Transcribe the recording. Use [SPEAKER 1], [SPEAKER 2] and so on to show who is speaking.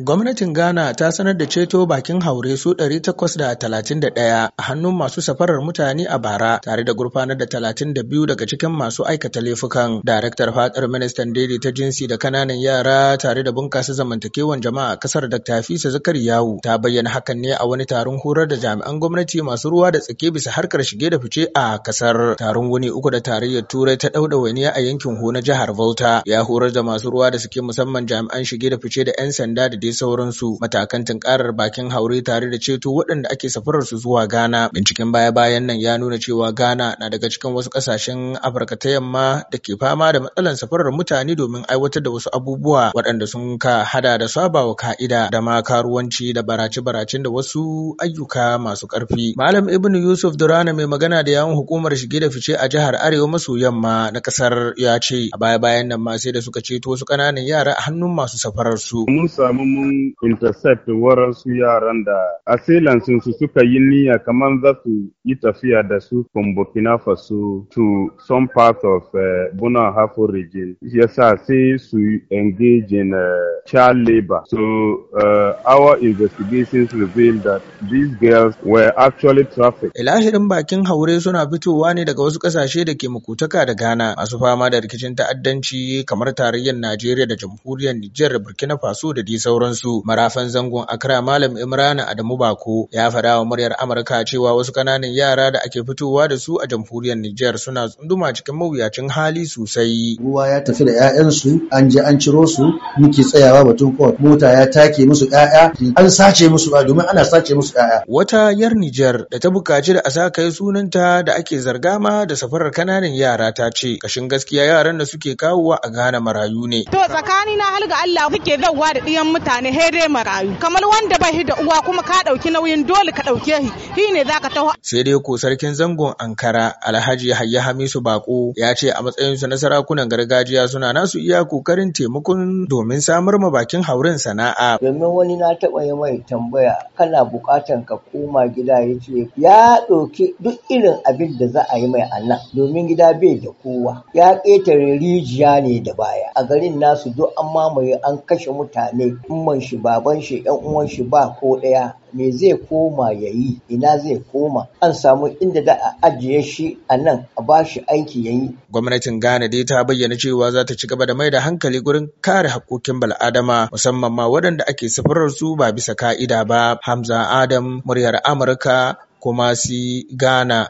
[SPEAKER 1] Gwamnatin Ghana ta sanar da ceto bakin haure su 831 a hannun masu safarar mutane a bara tare da gurfanar da 32 daga cikin masu aikata laifukan. Daraktar fadar ministan daidai ta jinsi da kananan yara tare da bunkasa zamantakewan jama'a kasar Dr. Fisa Zakar Yawu ta bayyana hakan ne a wani taron horar da jami'an gwamnati masu ruwa da tsake bisa harkar shige da fice a kasar. Taron wuni uku da tarayyar Turai ta dauda wani a yankin Hona jihar Volta ya horar da masu ruwa da suke musamman jami'an shige da fice da 'yan sanda da dai sauransu matakan tunkarar bakin haure tare da ceto waɗanda ake safarar su zuwa Ghana. Binciken baya-bayan nan ya nuna cewa Ghana na daga cikin wasu ƙasashen Afirka ta yamma da ke fama da matsalar safarar mutane domin aiwatar da wasu abubuwa waɗanda sun ka hada da sabawa ka'ida da ma karuwanci da barace-baracen da wasu ayyuka masu ƙarfi. Malam Ibn Yusuf Durana mai magana da yawun hukumar shige da fice a jihar Arewa maso yamma na ƙasar ya ce a baya-bayan nan ma sai da suka ceto wasu ƙananan yara a hannun masu safarar su. Mun samu mun intercept su yaran da asilansin su suka yi niyya kamar za su yi tafiya da su from Burkina Faso to some part of uh, eh, Bona Hafo region. Yasa sai su engage in uh, child labor. So uh, our investigations revealed that these girls were actually trafficked. Ilahirin bakin haure suna fitowa ne daga wasu kasashe da ke mukutaka da Ghana masu fama da rikicin ta'addanci kamar tarayyar Najeriya da jamhuriyar Nijar Burkina Faso da dai sauransu. Marafan zangon Accra Malam Imrana Adamu Bako ya faɗa wa muryar Amurka cewa wasu kananan yara da ake fitowa da su a jamhuriyar Nijar suna tsunduma cikin mawuyacin hali sosai. Ruwa ya tafi da 'ya'yansu an je an ciro su muke tsayawa batun kowa mota ya take musu 'ya'ya an sace musu ba domin ana sace musu 'ya'ya. Wata yar Nijar da ta buƙaci da a sa kai sunanta da ake zarga ma da safarar kananan yara ta ce kashin gaskiya yaran da suke kawowa a Ghana marayu ne. To tsakani na halga Allah kuke zauwa da ɗiyan mutane. mutane sai dai marayu kamar wanda bai da uwa kuma ka ɗauki nauyin dole ka ɗauke shi shi ne za ka taho. sai dai ko sarkin zangon ankara alhaji hayya hamisu bako ya ce a matsayin matsayinsu na sarakunan gargajiya suna nasu iya kokarin taimakon domin samar ma bakin hauren sana'a.
[SPEAKER 2] domin wani na taba yi mai tambaya kana bukatan ka koma gida ya ce ya ɗauki duk irin abin da za a yi mai annan. domin gida bai da kowa ya ƙetare rijiya ne da baya a garin nasu duk an mamaye an kashe mutane Umman shi, baban shi, ‘yan uwan shi ba ko ɗaya, me zai koma ya yi, ina zai koma, an samu inda da a ajiye shi a nan a ba shi aiki ya yi.
[SPEAKER 1] Gwamnatin Ghana dai ta bayyana cewa za ta ci gaba da mai da hankali gurin kare hakkokin bal'adama musamman ma waɗanda ake safarar su ba bisa ka'ida ba. Hamza Adam, muryar Amurka, kuma si Ghana.